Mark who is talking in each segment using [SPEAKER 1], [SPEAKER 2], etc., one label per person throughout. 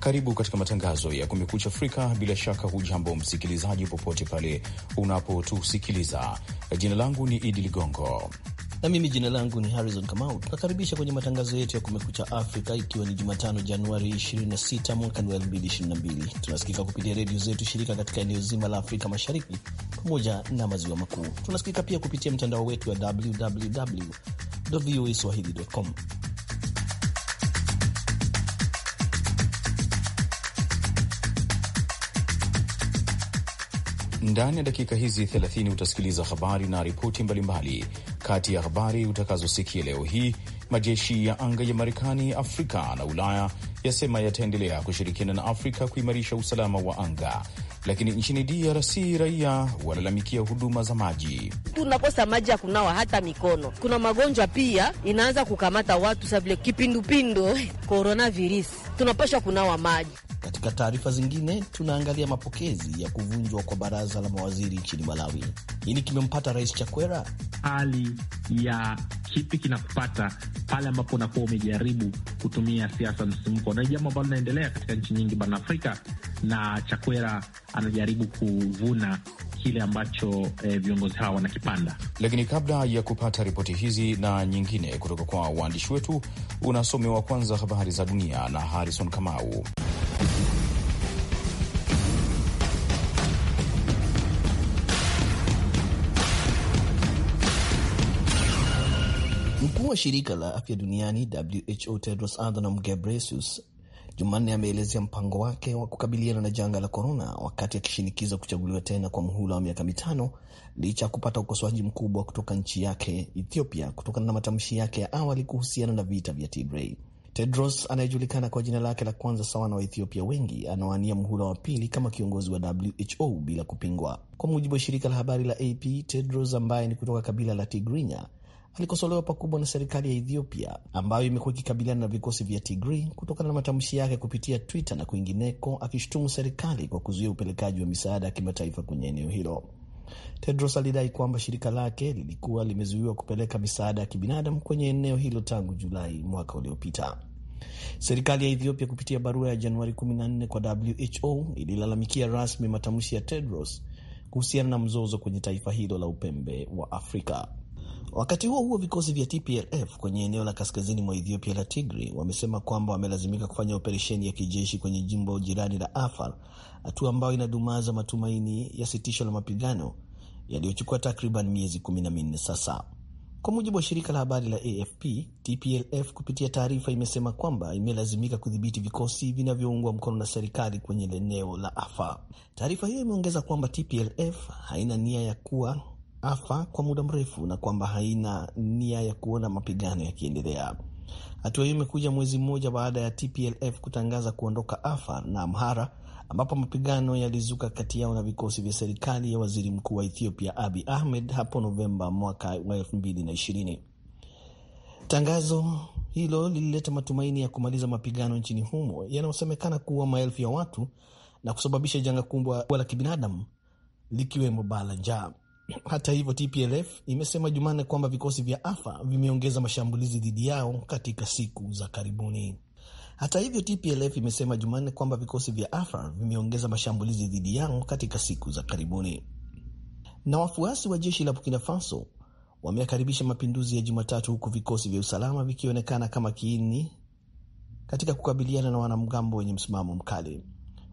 [SPEAKER 1] Karibu katika matangazo ya Kumekucha Afrika. Bila shaka, hujambo msikilizaji, popote pale unapotusikiliza. Jina langu ni Idi Ligongo
[SPEAKER 2] na mimi jina langu ni Harrison Kamau. Tunakaribisha kwenye matangazo yetu ya Kumekucha Afrika, ikiwa ni Jumatano Januari 26 mwaka 2022. Tunasikika kupitia redio zetu shirika katika eneo zima la Afrika Mashariki pamoja na maziwa makuu. Tunasikika pia kupitia mtandao wetu wa www voa swahili.com.
[SPEAKER 1] Ndani ya dakika hizi 30 utasikiliza habari na ripoti mbalimbali. Kati ya habari utakazosikia leo hii, majeshi ya anga ya Marekani, Afrika na Ulaya yasema yataendelea kushirikiana na Afrika kuimarisha usalama wa anga. Lakini nchini DRC raia walalamikia huduma za maji.
[SPEAKER 3] Tunakosa maji ya kunawa hata mikono. Kuna magonjwa pia inaanza kukamata watu, sa vile kipindupindu, koronavirus. Tunapasha kunawa maji
[SPEAKER 1] katika
[SPEAKER 2] taarifa zingine, tunaangalia mapokezi ya kuvunjwa kwa baraza la mawaziri nchini Malawi. Nini kimempata Rais Chakwera?
[SPEAKER 4] Hali ya kipi kinakupata pale ambapo unakuwa umejaribu kutumia siasa msisimko, na jambo ambalo linaendelea katika nchi nyingi barani Afrika, na Chakwera anajaribu kuvuna kile ambacho eh,
[SPEAKER 1] viongozi hawa wanakipanda. Lakini kabla ya kupata ripoti hizi na nyingine kutoka kwa waandishi wetu, unasomewa kwanza habari za dunia na Harrison Kamau.
[SPEAKER 2] wa shirika la afya duniani WHO Tedros Adhanom Ghebreyesus Jumanne ameelezea mpango wake wa kukabiliana na janga la korona, wakati akishinikiza kuchaguliwa tena kwa mhula wa miaka mitano licha ya kupata ukosoaji mkubwa kutoka nchi yake Ethiopia kutokana na matamshi yake ya awali kuhusiana na vita vya Tigray. Tedros anayejulikana kwa jina lake la kwanza sawa na Waethiopia wengi anawania mhula wa pili kama kiongozi wa WHO bila kupingwa. Kwa mujibu wa shirika la habari la AP, Tedros ambaye ni kutoka kabila la Tigrinya alikosolewa pakubwa na serikali ya Ethiopia ambayo imekuwa ikikabiliana na vikosi vya tigri kutokana na matamshi yake kupitia Twitter na kwingineko, akishutumu serikali kwa kuzuia upelekaji wa misaada ya kimataifa kwenye eneo hilo. Tedros alidai kwamba shirika lake lilikuwa limezuiwa kupeleka misaada ya kibinadamu kwenye eneo hilo tangu Julai mwaka uliopita. Serikali ya Ethiopia kupitia barua ya Januari 14 kwa WHO ililalamikia rasmi matamshi ya Tedros kuhusiana na mzozo kwenye taifa hilo la upembe wa Afrika. Wakati huo huo, vikosi vya TPLF kwenye eneo la kaskazini mwa Ethiopia la tigri wamesema kwamba wamelazimika kufanya operesheni ya kijeshi kwenye jimbo jirani la Afar, hatua ambayo inadumaza matumaini ya sitisho la mapigano yaliyochukua takriban miezi kumi na minne sasa. Kwa mujibu wa shirika la habari la AFP, TPLF kupitia taarifa imesema kwamba imelazimika kudhibiti vikosi vinavyoungwa mkono na serikali kwenye eneo la Afar. Taarifa hiyo imeongeza kwamba TPLF haina nia ya kuwa afa kwa muda mrefu na kwamba haina nia ya kuona mapigano yakiendelea. Hatua hiyo imekuja mwezi mmoja baada ya TPLF kutangaza kuondoka Afar na Amhara, ambapo mapigano yalizuka kati yao na vikosi vya serikali ya waziri mkuu wa Ethiopia Abi Ahmed hapo Novemba mwaka wa ishirini. Tangazo hilo lilileta matumaini ya kumaliza mapigano nchini humo yanayosemekana kuwa maelfu ya watu na kusababisha janga kubwa la kibinadamu likiwemo baa la njaa. Hata hivyo, TPLF imesema Jumanne kwamba vikosi vya AFA vimeongeza mashambulizi dhidi yao katika siku za karibuni. Hata hivyo, TPLF imesema Jumanne kwamba vikosi vya AFA vimeongeza mashambulizi dhidi yao katika siku za karibuni. Na wafuasi wa jeshi la Burkina Faso wamekaribisha mapinduzi ya Jumatatu, huku vikosi vya usalama vikionekana kama kiini katika kukabiliana na wanamgambo wenye msimamo mkali.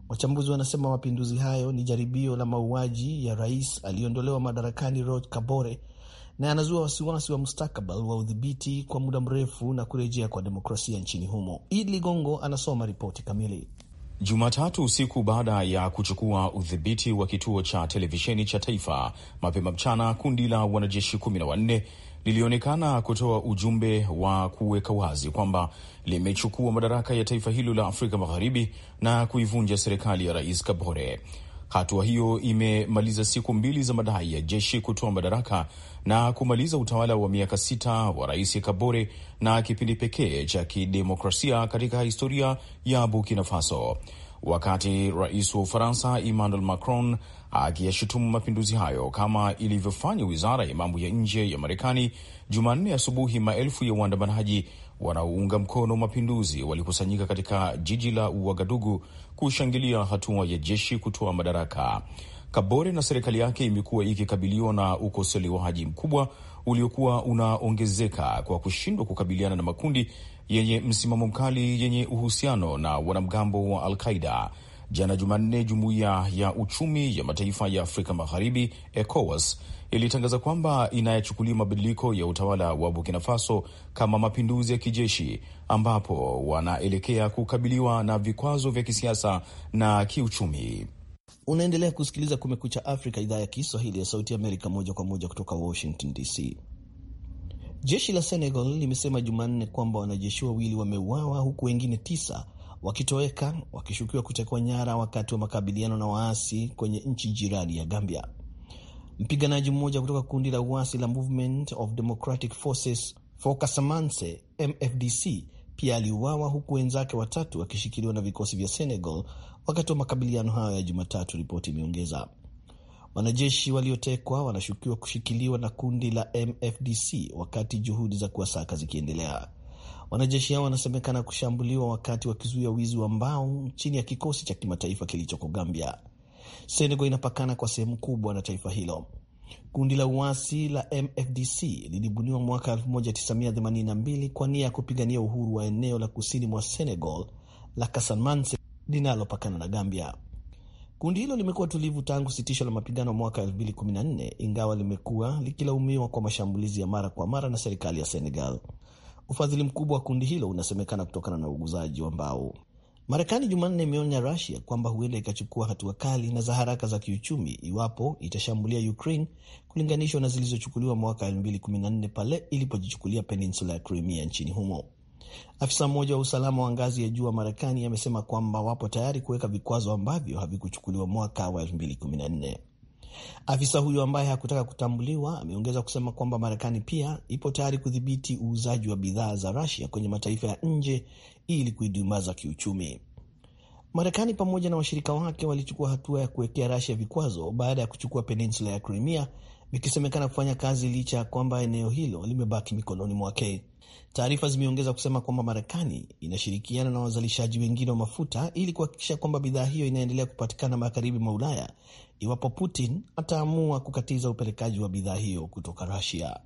[SPEAKER 2] Wachambuzi wanasema mapinduzi hayo ni jaribio la mauaji ya rais aliyeondolewa madarakani Roch Kabore na anazua wasiwasi wa mustakabali wa udhibiti kwa muda mrefu na kurejea kwa demokrasia nchini humo. Id Ligongo anasoma ripoti kamili.
[SPEAKER 1] Jumatatu usiku baada ya kuchukua udhibiti wa kituo cha televisheni cha taifa mapema mchana, kundi la wanajeshi kumi na wanne lilionekana kutoa ujumbe wa kuweka wazi kwamba limechukua madaraka ya taifa hilo la Afrika Magharibi na kuivunja serikali ya Rais Kabore. Hatua hiyo imemaliza siku mbili za madai ya jeshi kutoa madaraka na kumaliza utawala wa miaka sita wa Rais Kabore na kipindi pekee cha kidemokrasia katika historia ya Burkina Faso. Wakati rais wa Ufaransa Emmanuel Macron akiyashutumu mapinduzi hayo kama ilivyofanya wizara ya mambo ya nje ya Marekani Jumanne asubuhi, maelfu ya waandamanaji wanaounga mkono mapinduzi walikusanyika katika jiji la Uagadugu kushangilia hatua ya jeshi kutoa madaraka. Kabore na serikali yake imekuwa ikikabiliwa na ukosolewaji mkubwa uliokuwa unaongezeka kwa kushindwa kukabiliana na makundi yenye msimamo mkali yenye uhusiano na wanamgambo wa Al Qaida. Jana Jumanne, jumuiya ya uchumi ya mataifa ya Afrika Magharibi, ECOWAS, ilitangaza kwamba inayachukulia mabadiliko ya utawala wa Burkina Faso kama mapinduzi ya kijeshi, ambapo wanaelekea kukabiliwa na vikwazo vya kisiasa na kiuchumi. Unaendelea kusikiliza Kumekucha Afrika, idhaa ya Kiswahili ya Sauti Amerika, moja
[SPEAKER 2] kwa moja kutoka Washington DC. Jeshi la Senegal limesema Jumanne kwamba wanajeshi wawili wameuawa huku wengine tisa wakitoweka wakishukiwa kutekwa nyara wakati wa makabiliano na waasi kwenye nchi jirani ya Gambia. Mpiganaji mmoja kutoka kundi la uasi la Movement of Democratic Forces for Kasamanse, MFDC, pia aliuawa huku wenzake watatu wakishikiliwa na vikosi vya Senegal wakati wa makabiliano hayo ya Jumatatu, ripoti imeongeza. Wanajeshi waliotekwa wanashukiwa kushikiliwa na kundi la MFDC wakati juhudi za kuwasaka zikiendelea. Wanajeshi hao wanasemekana kushambuliwa wakati wakizuia wizi wa mbao chini ya kikosi cha kimataifa kilichoko Gambia. Senegal inapakana kwa sehemu kubwa na taifa hilo. Kundi la uasi la MFDC lilibuniwa mwaka 1982 kwa nia ya kupigania uhuru wa eneo la kusini mwa Senegal la Kasamanse linalopakana na Gambia. Kundi hilo limekuwa tulivu tangu sitisho la mapigano mwaka 2014 ingawa limekuwa likilaumiwa kwa mashambulizi ya mara kwa mara na serikali ya Senegal. Ufadhili mkubwa wa kundi hilo unasemekana kutokana na uuguzaji wa mbao. Marekani Jumanne imeonya Rusia kwamba huenda ikachukua hatua kali na za haraka za kiuchumi iwapo itashambulia Ukraine kulinganishwa na zilizochukuliwa mwaka 2014 pale ilipojichukulia peninsula ya Crimea nchini humo. Afisa mmoja wa usalama wa ngazi ya juu wa Marekani amesema kwamba wapo tayari kuweka vikwazo ambavyo havikuchukuliwa mwaka wa 214 Afisa huyo ambaye hakutaka kutambuliwa ameongeza kusema kwamba Marekani pia ipo tayari kudhibiti uuzaji wa bidhaa za Rusia kwenye mataifa ya nje ili kuidumaza kiuchumi. Marekani pamoja na washirika wake walichukua hatua ya kuwekea Rusia vikwazo baada ya kuchukua peninsula ya Crimea, vikisemekana kufanya kazi licha ya kwamba eneo hilo limebaki mikononi mwake. Taarifa zimeongeza kusema kwamba Marekani inashirikiana na wazalishaji wengine wa mafuta ili kuhakikisha kwamba bidhaa hiyo inaendelea kupatikana magharibi mwa Ulaya iwapo Putin ataamua kukatiza upelekaji wa bidhaa hiyo kutoka Rusia.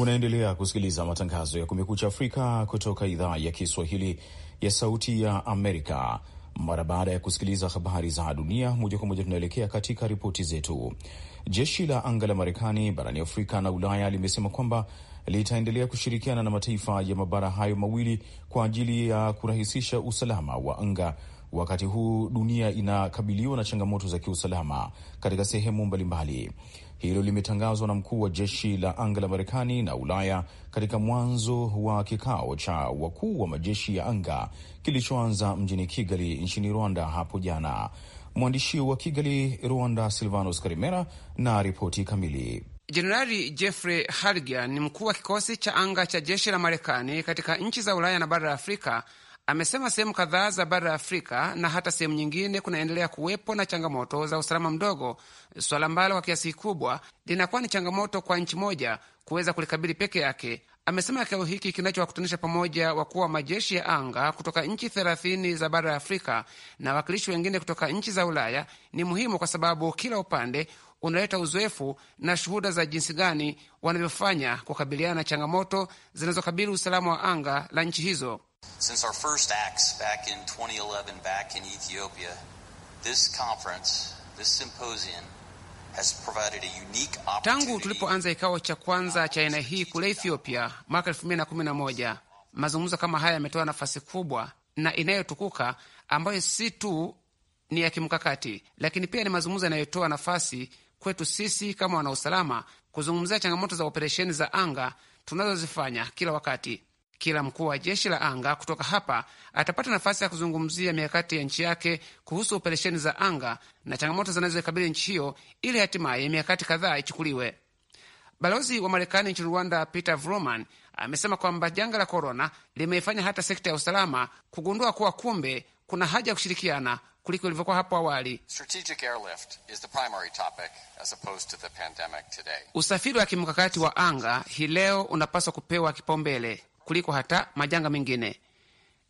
[SPEAKER 1] Unaendelea kusikiliza matangazo ya Kumekucha Afrika kutoka idhaa ya Kiswahili ya Sauti ya Amerika. Mara baada ya kusikiliza habari za dunia moja kwa moja, tunaelekea katika ripoti zetu. Jeshi la anga la Marekani barani Afrika na Ulaya limesema kwamba litaendelea kushirikiana na mataifa ya mabara hayo mawili kwa ajili ya kurahisisha usalama wa anga, wakati huu dunia inakabiliwa na changamoto za kiusalama katika sehemu mbalimbali mbali. Hilo limetangazwa na mkuu wa jeshi la anga la Marekani na Ulaya katika mwanzo wa kikao cha wakuu wa majeshi ya anga kilichoanza mjini Kigali nchini Rwanda hapo jana. Mwandishi wa Kigali, Rwanda, Silvanos Karimera na ripoti kamili.
[SPEAKER 5] Jenerali Jeffrey Hargian ni mkuu wa kikosi cha anga cha jeshi la Marekani katika nchi za Ulaya na bara la Afrika Amesema sehemu kadhaa za bara la Afrika na hata sehemu nyingine kunaendelea kuwepo na changamoto za usalama mdogo, swala ambalo kwa kiasi kikubwa linakuwa ni changamoto kwa nchi moja kuweza kulikabili peke yake. Amesema kikao hiki kinachowakutanisha pamoja wakuu wa majeshi ya anga kutoka nchi thelathini za bara la Afrika na wawakilishi wengine kutoka nchi za Ulaya ni muhimu kwa sababu kila upande unaleta uzoefu na shuhuda za jinsi gani wanavyofanya kukabiliana na changamoto zinazokabili usalama wa anga la nchi hizo.
[SPEAKER 6] Since our first acts back in 2011, back in Ethiopia, this conference, this symposium, has provided a unique
[SPEAKER 5] opportunity. Tangu tulipoanza kikao cha kwanza cha aina hii kule Ethiopia mwaka 2011, mazungumzo kama haya yametoa nafasi kubwa na inayotukuka ambayo si tu ni ya kimkakati, lakini pia ni mazungumzo yanayotoa nafasi kwetu sisi kama wanausalama kuzungumzia changamoto za operesheni za anga tunazozifanya kila wakati kila mkuu wa jeshi la anga kutoka hapa atapata nafasi ya kuzungumzia mikakati ya nchi yake kuhusu operesheni za anga na changamoto zinazoikabili nchi hiyo ili hatimaye mikakati kadhaa ichukuliwe. Balozi wa Marekani nchini Rwanda Peter Vroman amesema kwamba janga la korona limeifanya hata sekta ya usalama kugundua kuwa kumbe kuna haja ya kushirikiana kuliko ilivyokuwa hapo awali. Usafiri wa kimkakati wa anga hii leo unapaswa kupewa kipaumbele kuliko hata majanga mengine.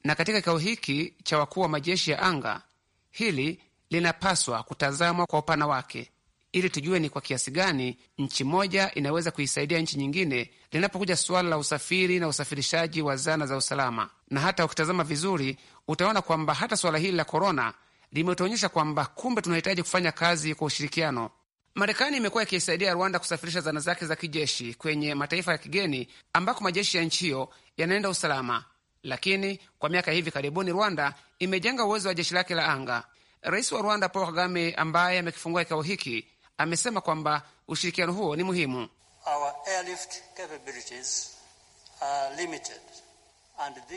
[SPEAKER 5] Na katika kikao hiki cha wakuu wa majeshi ya anga, hili linapaswa kutazamwa kwa upana wake, ili tujue ni kwa kiasi gani nchi moja inaweza kuisaidia nchi nyingine linapokuja suala la usafiri na usafirishaji wa zana za usalama. Na hata ukitazama vizuri, utaona kwamba hata suala hili la korona limetuonyesha kwamba kumbe tunahitaji kufanya kazi kwa ushirikiano Marekani imekuwa ikiisaidia Rwanda kusafirisha zana zake za kijeshi kwenye mataifa ya kigeni ambako majeshi ya nchi hiyo yanaenda usalama, lakini kwa miaka hivi karibuni Rwanda imejenga uwezo wa jeshi lake la anga. Rais wa Rwanda Paul Kagame, ambaye amekifungua kikao hiki, amesema kwamba ushirikiano huo ni muhimu.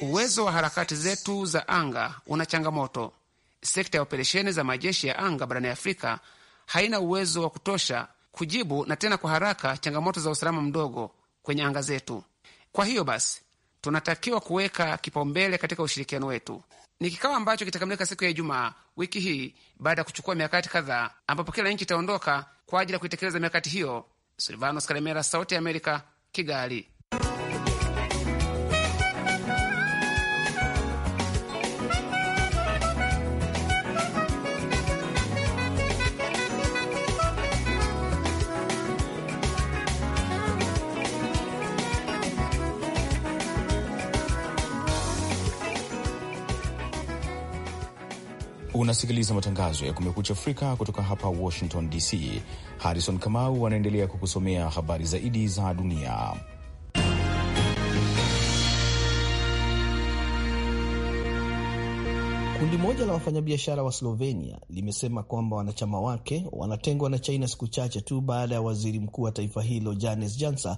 [SPEAKER 5] uwezo wa harakati zetu za anga una changamoto. Sekta ya operesheni za majeshi ya anga barani Afrika haina uwezo wa kutosha kujibu na tena kwa haraka changamoto za usalama mdogo kwenye anga zetu. Kwa hiyo basi, tunatakiwa kuweka kipaumbele katika ushirikiano wetu. Ni kikao ambacho kitakamilika siku ya Ijumaa wiki hii baada ya kuchukua mikakati kadhaa, ambapo kila nchi itaondoka kwa ajili ya kuitekeleza mikakati hiyo. Silvanos Karemera, Sauti ya Amerika, Kigali.
[SPEAKER 1] Unasikiliza matangazo ya Kumekucha Afrika kutoka hapa Washington DC. Harrison Kamau anaendelea kukusomea habari zaidi za dunia.
[SPEAKER 2] Kundi moja la wafanyabiashara wa Slovenia limesema kwamba wanachama wake wanatengwa na China siku chache tu baada ya waziri mkuu wa taifa hilo Janez jansa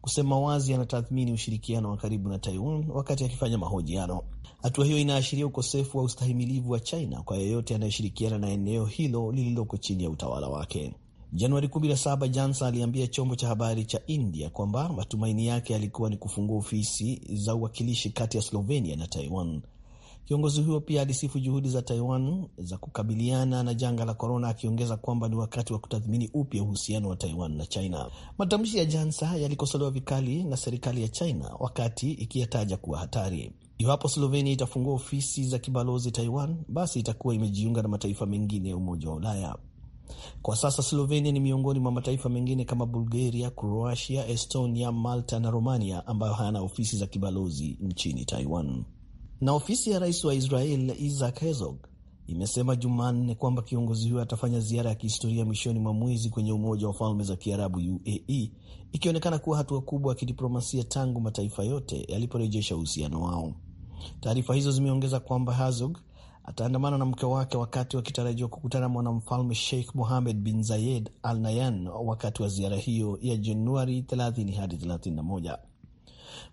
[SPEAKER 2] kusema wazi anatathmini ushirikiano wa karibu na Taiwan wakati akifanya mahojiano. Hatua hiyo inaashiria ukosefu wa ustahimilivu wa China kwa yeyote anayeshirikiana na eneo hilo lililoko chini ya utawala wake. Januari 17 Jansa aliambia chombo cha habari cha India kwamba matumaini yake yalikuwa ni kufungua ofisi za uwakilishi kati ya Slovenia na Taiwan. Kiongozi huyo pia alisifu juhudi za Taiwan za kukabiliana na janga la korona, akiongeza kwamba ni wakati wa kutathmini upya uhusiano wa Taiwan na China. Matamshi ya Jansa yalikosolewa vikali na serikali ya China, wakati ikiyataja kuwa hatari. Iwapo Slovenia itafungua ofisi za kibalozi Taiwan, basi itakuwa imejiunga na mataifa mengine ya Umoja wa Ulaya. Kwa sasa Slovenia ni miongoni mwa mataifa mengine kama Bulgaria, Croatia, Estonia, Malta na Romania ambayo hayana ofisi za kibalozi nchini Taiwan. Na ofisi ya rais wa Israel Isaac Herzog imesema Jumanne kwamba kiongozi huyo atafanya ziara ya kihistoria mwishoni mwa mwezi kwenye Umoja wa Falme za Kiarabu, UAE, ikionekana kuwa hatua kubwa ya kidiplomasia tangu mataifa yote yaliporejesha uhusiano wao. Taarifa hizo zimeongeza kwamba Herzog ataandamana na mke wake wakati wakitarajiwa kukutana mwanamfalme Sheikh Mohammed bin Zayed Al Nayan wakati wa ziara hiyo ya Januari 30 hadi 31.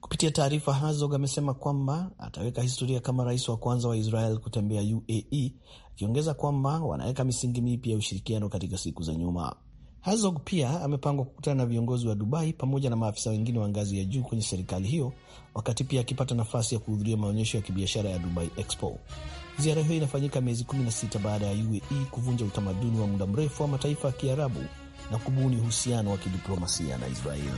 [SPEAKER 2] Kupitia taarifa, Herzog amesema kwamba ataweka historia kama rais wa kwanza wa Israel kutembea UAE, akiongeza kwamba wanaweka misingi mipya ya ushirikiano katika siku za nyuma. Herzog pia amepangwa kukutana na viongozi wa Dubai pamoja na maafisa wengine wa ngazi ya juu kwenye serikali hiyo, wakati pia akipata nafasi ya kuhudhuria maonyesho ya kibiashara ya Dubai Expo. Ziara hiyo inafanyika miezi 16 baada ya UAE kuvunja utamaduni wa muda mrefu wa mataifa ya Kiarabu na kubuni uhusiano wa kidiplomasia na Israeli.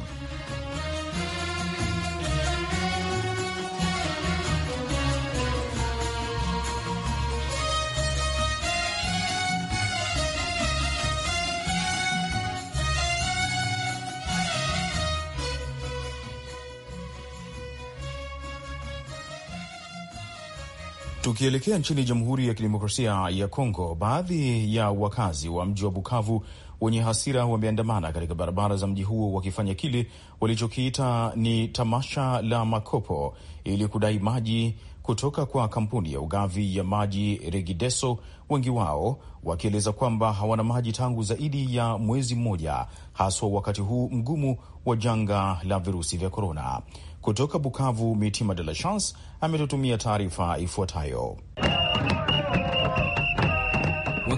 [SPEAKER 1] Tukielekea nchini Jamhuri ya Kidemokrasia ya Kongo, baadhi ya wakazi wa mji wa Bukavu wenye hasira wameandamana katika barabara za mji huo wakifanya kile walichokiita ni tamasha la makopo ili kudai maji kutoka kwa kampuni ya ugavi ya maji Regideso, wengi wao wakieleza kwamba hawana maji tangu zaidi ya mwezi mmoja, haswa wakati huu mgumu wa janga la virusi vya korona. Kutoka Bukavu, Mitima De La Chance ametutumia taarifa ifuatayo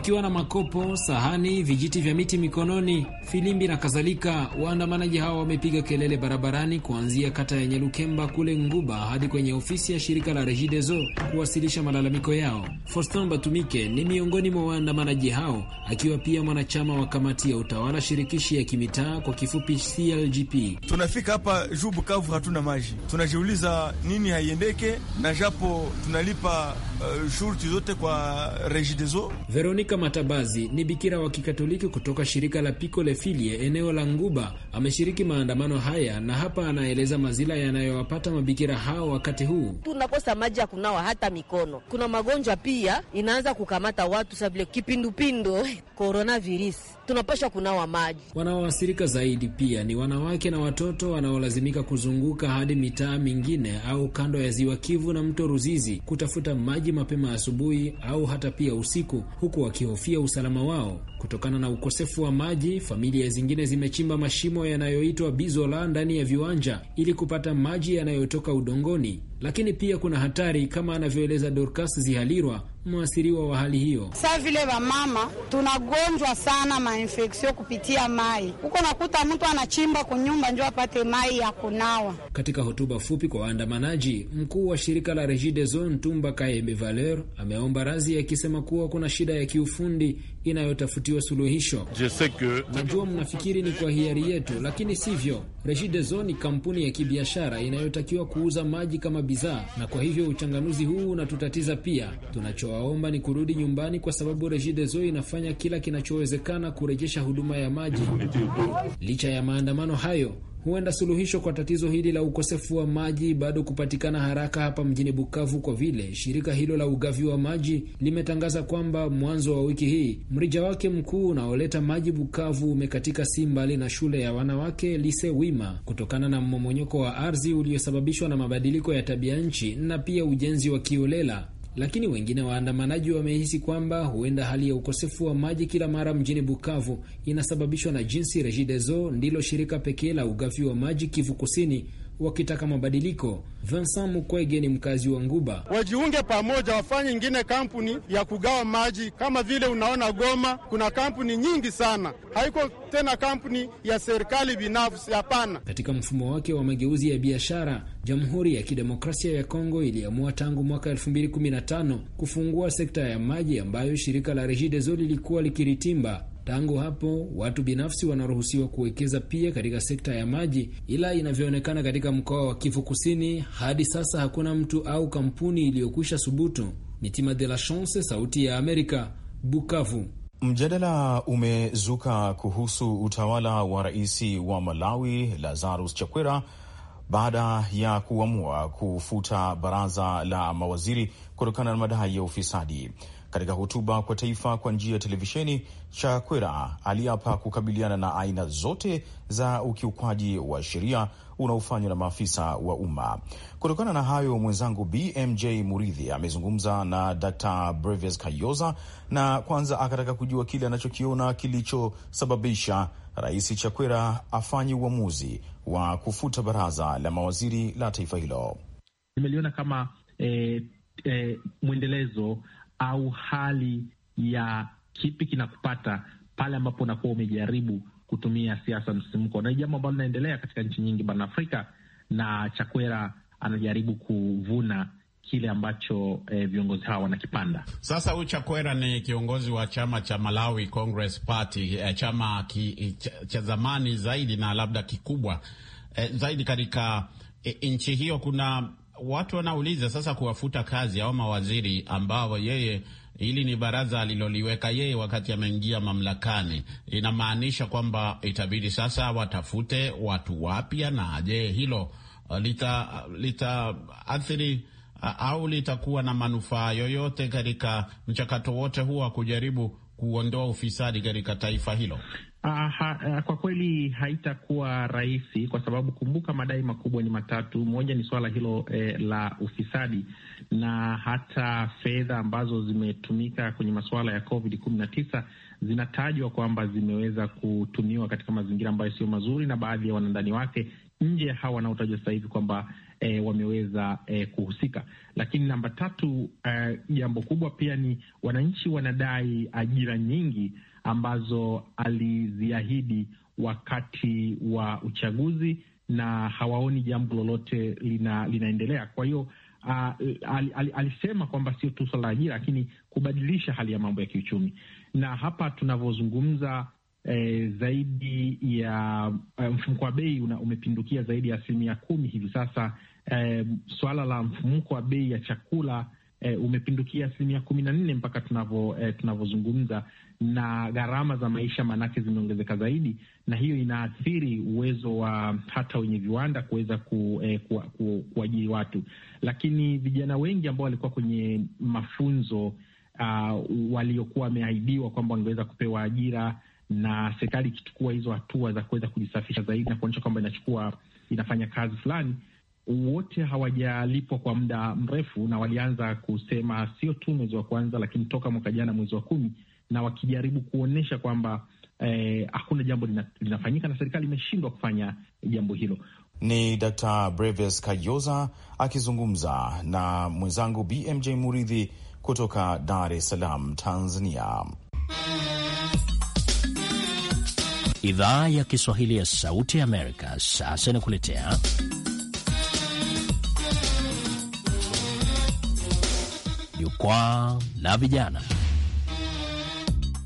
[SPEAKER 3] wakiwa na makopo, sahani, vijiti vya miti mikononi, filimbi na kadhalika. Waandamanaji hawa wamepiga kelele barabarani kuanzia kata ya nyelukemba kule Nguba hadi kwenye ofisi ya shirika la Regideso kuwasilisha malalamiko yao. Faustin Batumike ni miongoni mwa waandamanaji hao, akiwa pia mwanachama wa kamati ya utawala shirikishi ya kimitaa kwa kifupi CLGP. Tunafika hapa juu Bukavu hatuna maji, tunajiuliza nini haiendeke, na japo tunalipa uh, shurti zote kwa Regideso. Veronica Matabazi ni bikira wa Kikatoliki kutoka shirika la Le Lefilie eneo la Nguba, ameshiriki maandamano haya na hapa anaeleza mazila yanayowapata mabikira hao wakati huu. Tunakosa maji ya kunawa hata mikono, kuna magonjwa pia inaanza kukamata watu sa vile kipindupindu, coronavirus tunapasha kunawa maji. Wanaoathirika zaidi pia ni wanawake na watoto wanaolazimika kuzunguka hadi mitaa mingine au kando ya ziwa Kivu na mto Ruzizi kutafuta maji mapema asubuhi au hata pia usiku, huku wakihofia usalama wao kutokana na ukosefu wa maji. Familia zingine zimechimba mashimo yanayoitwa bizola ndani ya viwanja ili kupata maji yanayotoka udongoni lakini pia kuna hatari kama anavyoeleza Dorcas Zihalirwa, mwathiriwa wa hali hiyo.
[SPEAKER 6] Sa vile wamama tunagonjwa sana mainfeksio kupitia mai, huko nakuta mtu anachimba kunyumba njo apate mai ya kunawa.
[SPEAKER 3] Katika hotuba fupi kwa waandamanaji, mkuu wa shirika la Regideso Ntumba Kaembe Valer ameomba razi akisema kuwa kuna shida ya kiufundi inayotafutiwa suluhisho. Najua mnafikiri ni kwa hiari yetu, lakini sivyo. Regideso ni kampuni ya kibiashara inayotakiwa kuuza maji kama bidhaa, na kwa hivyo uchanganuzi huu unatutatiza pia. Tunachowaomba ni kurudi nyumbani, kwa sababu Regideso inafanya kila kinachowezekana kurejesha huduma ya maji. Licha ya maandamano hayo huenda suluhisho kwa tatizo hili la ukosefu wa maji bado kupatikana haraka hapa mjini Bukavu, kwa vile shirika hilo la ugavi wa maji limetangaza kwamba mwanzo wa wiki hii mrija wake mkuu unaoleta maji Bukavu umekatika si mbali na shule ya wanawake Lise Wima kutokana na mmomonyoko wa ardhi uliosababishwa na mabadiliko ya tabia nchi na pia ujenzi wa kiolela lakini wengine waandamanaji wamehisi kwamba huenda hali ya ukosefu wa maji kila mara mjini Bukavu inasababishwa na jinsi Regideso ndilo shirika pekee la ugavi wa maji Kivu Kusini wakitaka mabadiliko. Vincent Mukwege ni mkazi wa Nguba. Wajiunge pamoja,
[SPEAKER 1] wafanye ingine kampuni ya kugawa maji. Kama vile unaona Goma kuna kampuni nyingi sana, haiko tena kampuni ya serikali binafsi, hapana.
[SPEAKER 3] Katika mfumo wake wa mageuzi ya biashara, Jamhuri ya Kidemokrasia ya Kongo iliamua tangu mwaka 2015 kufungua sekta ya maji ambayo shirika la Regideso lilikuwa likiritimba Tangu hapo watu binafsi wanaruhusiwa kuwekeza pia katika sekta ya maji, ila inavyoonekana katika mkoa wa Kivu Kusini hadi sasa hakuna mtu au kampuni iliyokwisha subutu. Mitima de la Chance, Sauti ya Amerika, Bukavu. Mjadala umezuka
[SPEAKER 1] kuhusu utawala wa rais wa Malawi Lazarus Chakwera baada ya kuamua kufuta baraza la mawaziri kutokana na madai ya ufisadi. Katika hotuba kwa taifa kwa njia ya televisheni, Chakwera aliapa kukabiliana na aina zote za ukiukwaji wa sheria unaofanywa na maafisa wa umma. Kutokana na hayo, mwenzangu BMJ Muridhi amezungumza na Dr. Brevis Kayoza na kwanza akataka kujua kile anachokiona kilichosababisha Rais Chakwera afanye uamuzi wa kufuta baraza la mawaziri la taifa hilo.
[SPEAKER 4] Nimeliona kama eh, eh, mwendelezo au hali ya kipi kinakupata pale ambapo unakuwa umejaribu kutumia siasa msisimko, na jambo ambalo linaendelea katika nchi nyingi barani Afrika, na Chakwera anajaribu kuvuna kile ambacho e, viongozi hawa wanakipanda. Sasa huyu Chakwera ni kiongozi wa chama cha Malawi Congress Party, e, chama ki, ch cha zamani zaidi na labda kikubwa e, zaidi katika e, nchi hiyo. Kuna watu wanauliza sasa, kuwafuta kazi au mawaziri ambao yeye hili ni baraza aliloliweka yeye wakati ameingia mamlakani, inamaanisha kwamba itabidi sasa watafute watu wapya. Na je, hilo litaathiri uh, lita, uh, uh, au litakuwa na manufaa yoyote katika mchakato wote huo wa kujaribu kuondoa ufisadi katika taifa hilo? Aha, ah, ah, kwa kweli haitakuwa rahisi kwa sababu kumbuka, madai makubwa ni matatu. Moja ni suala hilo eh, la ufisadi na hata fedha ambazo zimetumika kwenye masuala ya Covid kumi na tisa zinatajwa kwamba zimeweza kutumiwa katika mazingira ambayo sio mazuri, na baadhi ya wanandani wake nje ya hawa wanaotajwa sasa hivi kwamba e, wameweza e, kuhusika. Lakini namba tatu, eh, jambo kubwa pia ni wananchi wanadai ajira nyingi ambazo aliziahidi wakati wa uchaguzi na hawaoni jambo lolote lina, linaendelea. Kwa hiyo uh, ah, al, al, alisema kwamba sio tu swala la ajira, lakini kubadilisha hali ya mambo ya kiuchumi, na hapa tunavyozungumza e, zaidi ya eh, mfumko wa bei umepindukia zaidi ya asilimia kumi hivi sasa. E, eh, suala la mfumuko wa bei ya chakula e, umepindukia asilimia kumi na nne mpaka tunavyo e, tunavyozungumza, na gharama za maisha maanake zimeongezeka zaidi, na hiyo inaathiri uwezo wa hata wenye viwanda kuweza ku, e, ku, ku, kuajiri watu, lakini vijana wengi ambao walikuwa kwenye mafunzo uh, waliokuwa wameahidiwa kwamba wangeweza kupewa ajira na serikali ikichukua hizo hatua za kuweza kujisafisha zaidi na kuonyesha kwamba inachukua inafanya kazi fulani. Wote hawajalipwa kwa muda mrefu, na walianza kusema sio tu mwezi wa kwanza, lakini toka mwaka jana mwezi wa kumi, na wakijaribu kuonyesha kwamba eh, hakuna jambo linafanyika na serikali imeshindwa kufanya jambo hilo. Ni Dr.
[SPEAKER 1] Breves Kayoza akizungumza na mwenzangu BMJ Muridhi kutoka Dar es Salaam, Tanzania.
[SPEAKER 3] Idhaa ya Kiswahili ya Sauti ya Amerika sasa inakuletea
[SPEAKER 1] Jukwaa la Vijana.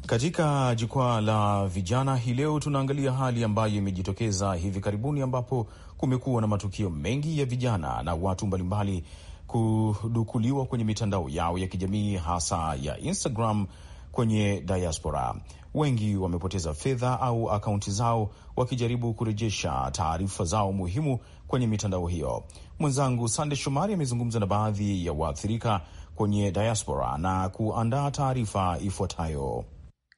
[SPEAKER 1] Katika jukwaa la vijana hii leo tunaangalia hali ambayo imejitokeza hivi karibuni, ambapo kumekuwa na matukio mengi ya vijana na watu mbalimbali kudukuliwa kwenye mitandao yao ya kijamii hasa ya Instagram kwenye diaspora. Wengi wamepoteza fedha au akaunti zao wakijaribu kurejesha taarifa zao muhimu kwenye mitandao hiyo. Mwenzangu Sande Shomari amezungumza na baadhi ya waathirika kwenye diaspora na kuandaa taarifa ifuatayo.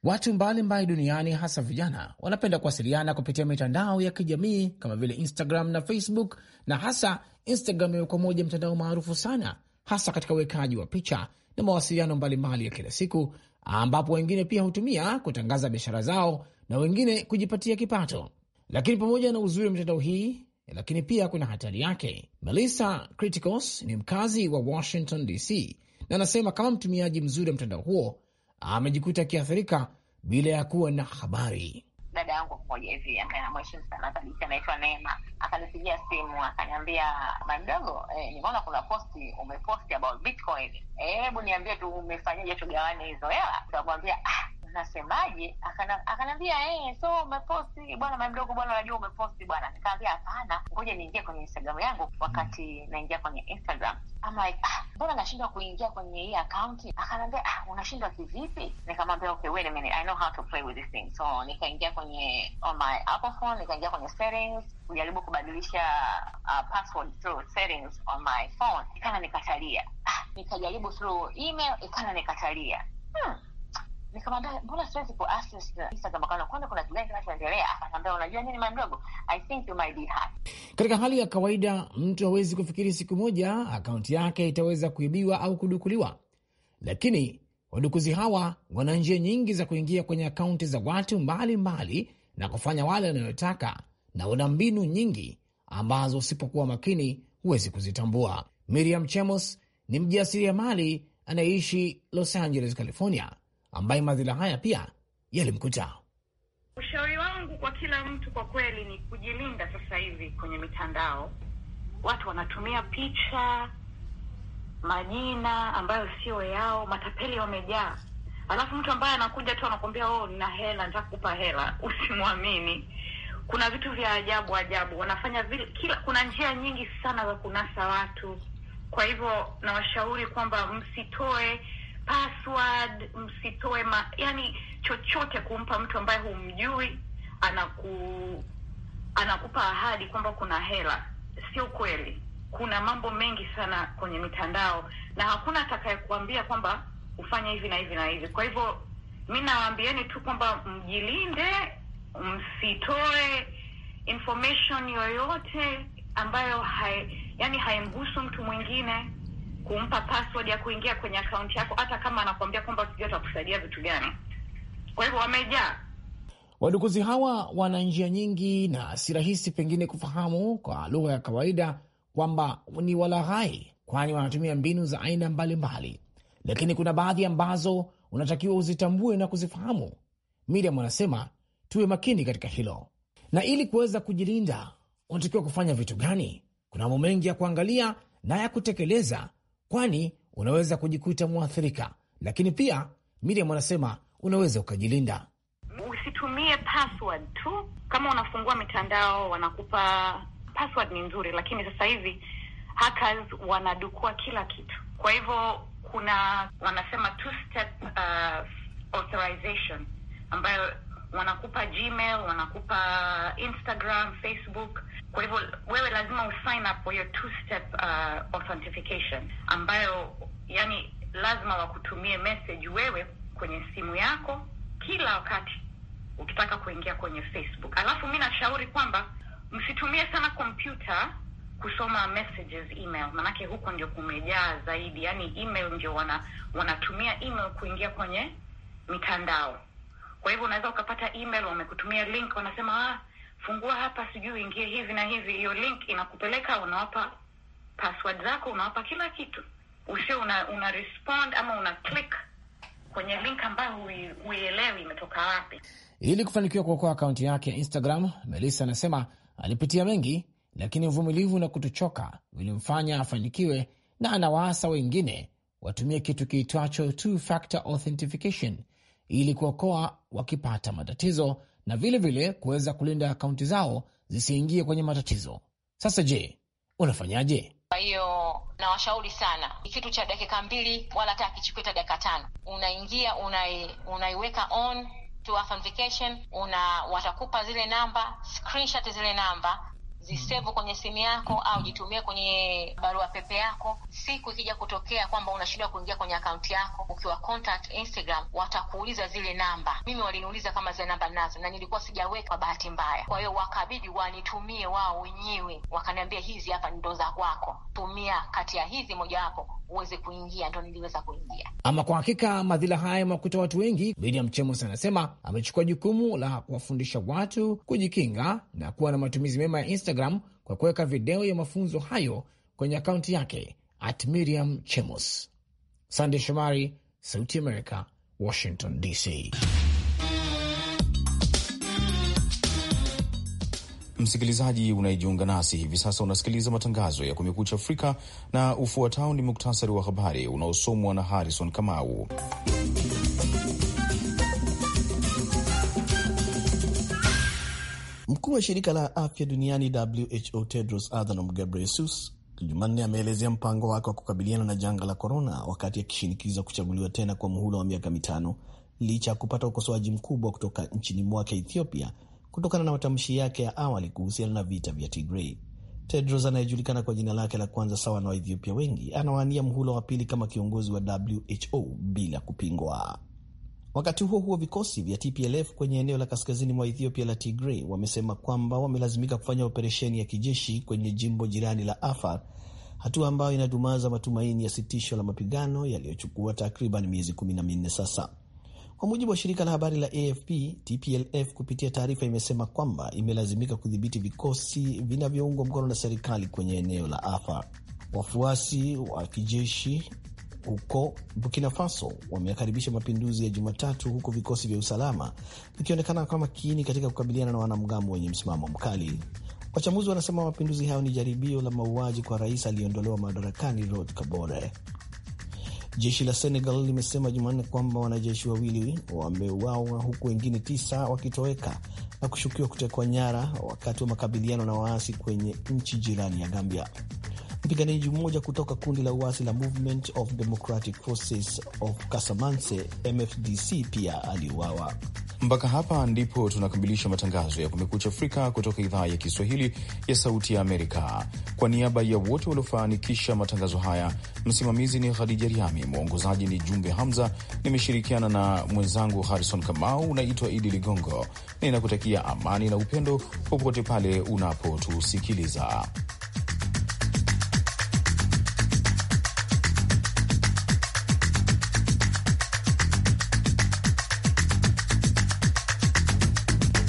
[SPEAKER 7] Watu mbalimbali duniani hasa vijana wanapenda kuwasiliana kupitia mitandao ya kijamii kama vile Instagram na Facebook, na hasa Instagram imekuwa moja mtandao maarufu sana, hasa katika uwekaji wa picha na mawasiliano mbalimbali ya kila siku ambapo wengine pia hutumia kutangaza biashara zao na wengine kujipatia kipato. Lakini pamoja na uzuri wa mitandao hii, lakini pia kuna hatari yake. Melissa Criticos ni mkazi wa Washington DC na anasema kama mtumiaji mzuri wa mtandao huo amejikuta akiathirika bila ya kuwa na habari
[SPEAKER 8] dada yangu mmoja hivi ambaye namheshimu sana kabisa, anaitwa Neema, akanipigia simu akaniambia, mdogo eh, nimeona kuna posti umeposti about Bitcoin, eh, hebu eh, niambie tu umefanyaje tugawane hizo hela. Tukamwambia ah nasemaje? Akaniambia eh, so umeposti bwana, mdogo bwana, unajua umeposti bwana. Nikaambia hapana, ngoja niingie kwenye Instagram yangu. Wakati mm. naingia kwenye Instagram ama like, ah, mbona nashindwa kuingia kwenye hii akaunti? Akanambia ah, unashindwa kivipi? Nikamwambia okay, wait a minute, I know how to play with this thing. So nikaingia kwenye on my Apple phone, nikaingia kwenye settings kujaribu kubadilisha uh, password through settings on my phone, ikana nikatalia. Ah, nikajaribu through email, ikana nikatalia nikamwambia mbona siwezi ku access Instagram account, kwanza kuna kile kinachoendelea. Akaniambia unajua nini, mama mdogo, I think you might be hacked.
[SPEAKER 7] Katika hali ya kawaida, mtu hawezi kufikiri siku moja akaunti yake itaweza kuibiwa au kudukuliwa, lakini wadukuzi hawa wana njia nyingi za kuingia kwenye akaunti za watu mbalimbali mbali, na kufanya wale wanayotaka, na wana mbinu nyingi ambazo usipokuwa makini huwezi kuzitambua. Miriam Chemos ni mjasiriamali anayeishi Los Angeles, California ambaye madhila haya pia yalimkuta.
[SPEAKER 6] Ushauri wangu kwa kila mtu kwa kweli ni kujilinda. Sasa hivi kwenye mitandao watu wanatumia picha, majina ambayo sio yao, matapeli wamejaa. Alafu mtu ambaye anakuja tu anakuambia oh, nina hela, nitakupa hela, usimwamini. Kuna vitu vya ajabu ajabu wanafanya vile, kila kuna njia nyingi sana za kunasa watu. Kwa hivyo nawashauri kwamba msitoe password, msitoe ma, yani chochote kumpa mtu ambaye humjui. Anaku, anakupa ahadi kwamba kuna hela, sio kweli. Kuna mambo mengi sana kwenye mitandao na hakuna atakayekuambia kwamba ufanye hivi na hivi na hivi. Kwa hivyo mi nawaambieni tu kwamba mjilinde, msitoe information yoyote ambayo hai, yani haimgusu mtu mwingine kumpa password ya kuingia kwenye akaunti yako, hata kama anakuambia kwamba sijui atakusaidia vitu gani. Kwa hivyo wamejaa
[SPEAKER 7] wadukuzi hawa, wana njia nyingi, na si rahisi pengine kufahamu kwa lugha ya kawaida kwamba ni walaghai, kwani wanatumia mbinu za aina mbalimbali mbali. Lakini kuna baadhi ambazo unatakiwa uzitambue na kuzifahamu. Miriam anasema tuwe makini katika hilo, na ili kuweza kujilinda unatakiwa kufanya vitu gani? Kuna mambo mengi ya kuangalia na ya kutekeleza kwani unaweza kujikuta mwathirika, lakini pia Miriam anasema unaweza ukajilinda.
[SPEAKER 8] Usitumie
[SPEAKER 6] password tu. Kama unafungua mitandao wanakupa password, ni nzuri, lakini sasa hivi hackers wanadukua kila kitu. Kwa hivyo kuna wanasema two step, uh, authorization ambayo wanakupa Gmail, wanakupa Instagram, Facebook. Kwa hivyo wewe lazima usign up for your two step uh, authentification ambayo yani lazima wakutumie message wewe kwenye simu yako kila wakati ukitaka kuingia kwenye Facebook. Alafu mi nashauri kwamba msitumie sana kompyuta kusoma messages email, manake huko ndio kumejaa zaidi, yani email ndio wana- wanatumia email kuingia kwenye mitandao. Kwa hivyo unaweza ukapata email, wamekutumia link, wanasema ah, fungua hapa, sijui uingie hivi na hivi. Hiyo link inakupeleka, unawapa password zako, unawapa kila kitu, usio una, una respond ama una click kwenye link ambayo huielewi imetoka wapi.
[SPEAKER 7] Ili kufanikiwa kuokoa akaunti yake ya Instagram, Melissa anasema alipitia mengi, lakini uvumilivu na kutochoka vilimfanya afanikiwe, na anawaasa wengine watumie kitu kiitwacho two factor authentication ili kuokoa wakipata matatizo na vilevile kuweza kulinda akaunti zao zisiingie kwenye matatizo. Sasa je, unafanyaje?
[SPEAKER 8] Kwa hiyo nawashauri sana, kitu cha dakika mbili wala hata akichukua hata dakika tano, unaingia unai, unaiweka on to authentication, una watakupa zile namba, screenshot zile namba zisevu kwenye simu yako au jitumie kwenye barua pepe yako. Siku ikija kutokea kwamba unashindwa kuingia kwenye akaunti yako, ukiwa contact Instagram watakuuliza zile namba. Mimi waliniuliza kama zile namba nazo, na nilikuwa sijaweka kwa bahati mbaya, kwa hiyo wakabidi wanitumie wao wenyewe, wakaniambia hizi hapa ndo za kwako, tumia kati ya hizi mojawapo uweze kuingia, ndo niliweza kuingia.
[SPEAKER 7] Ama kwa hakika madhila haya yamewakuta watu wengi. William Chemos anasema amechukua jukumu la kuwafundisha watu kujikinga na kuwa na matumizi mema ya Instagram Instagram kwa kuweka video ya mafunzo hayo kwenye akaunti yake at Miriam Chemos. Sande Shomari,
[SPEAKER 1] Sauti America, Washington DC. Msikilizaji unayejiunga nasi hivi sasa, unasikiliza matangazo ya Kumekucha Afrika na ufuatao ni muktasari wa habari unaosomwa na Harrison Kamau.
[SPEAKER 2] Mkuu wa shirika la afya duniani WHO Tedros Adhanom Ghebreyesus Jumanne ameelezea mpango wake wa kukabiliana na janga la korona, wakati akishinikiza kuchaguliwa tena kwa muhula wa miaka mitano licha ya kupata ukosoaji mkubwa kutoka nchini mwake Ethiopia kutokana na matamshi yake ya awali kuhusiana na vita vya tigrei Tedros anayejulikana kwa jina lake la kwanza sawa na Waethiopia wengi, anawania mhula wa pili kama kiongozi wa WHO bila kupingwa. Wakati huo huo, vikosi vya TPLF kwenye eneo la kaskazini mwa Ethiopia la Tigray wamesema kwamba wamelazimika kufanya operesheni ya kijeshi kwenye jimbo jirani la Afar, hatua ambayo inadumaza matumaini ya sitisho la mapigano yaliyochukua takriban miezi kumi na minne sasa. Kwa mujibu wa shirika la habari la AFP, TPLF kupitia taarifa imesema kwamba imelazimika kudhibiti vikosi vinavyoungwa mkono na serikali kwenye eneo la Afar. Wafuasi wa kijeshi huko Burkina Faso wamekaribisha mapinduzi ya Jumatatu, huku vikosi vya usalama vikionekana kama kiini katika kukabiliana na wanamgambo wenye msimamo mkali. Wachambuzi wanasema mapinduzi hayo ni jaribio la mauaji kwa rais aliyeondolewa madarakani Roch Kabore. Jeshi la Senegal limesema Jumanne kwamba wanajeshi wawili wameuawa huku wengine tisa wakitoweka na kushukiwa kutekwa nyara wakati wa makabiliano na waasi kwenye nchi jirani ya Gambia. Mpiganaji mmoja kutoka kundi la uasi la Movement of Democratic Forces
[SPEAKER 1] of Casamance, MFDC, pia aliuawa. Mpaka hapa ndipo tunakamilisha matangazo ya Kumekucha Afrika kutoka idhaa ya Kiswahili ya Sauti ya Amerika. Kwa niaba ya wote waliofanikisha matangazo haya, msimamizi ni Khadija Riami, mwongozaji ni Jumbe Hamza. Nimeshirikiana na mwenzangu Harrison Kamau. Unaitwa Idi Ligongo, ninakutakia amani na upendo popote pale unapotusikiliza.